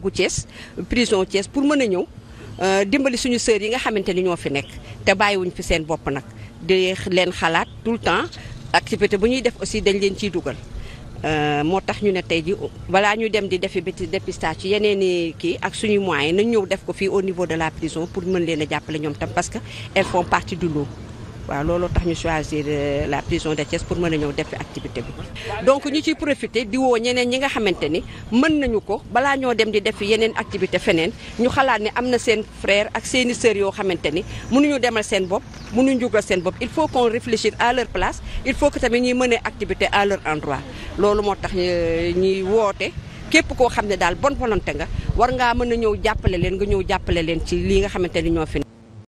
gu Thiès prison Thiès pour mën a ñëw euh, dimbali suñu sœurs yi nga xamante ni ñoo fi nekk te bàyyiwuñ fi seen bopp nag di leen xalaat tout le temps activité bu ñuy def aussi dañ leen ciy dugal euh, moo tax ñu ne tey ji balaa ñu dem di defi béti dépistage ci yeneen i kii ak suñu moyen nañ ñëw def ko fii au niveau de la prison pour mën leen a jàppale ñoom tam parce que elles font partie du lot waaw looloo tax ñu choisir euh, la prison de Thiès pour mën a ñëw def activité bi donc ñu ci profité di ñeneen ñi nga xamante ni mën nañu ko balaa ñoo dem di def fi yeneen activité feneen ñu xalaat ni am na seen frère ak seeni sœur yoo xamante ni mënuñu demal seen bopp mënuñu jugal seen bopp il faut qu'on réfléchisse à leur place il faut que tamit ñuy mën a activité à leur endroit loolu moo tax euh, ñuy woote képp koo xam ne daal bon volonté nga war ngaa mën a ñëw jàppale leen nga ñëw jàppale leen ci lii nga xamante ni ñoo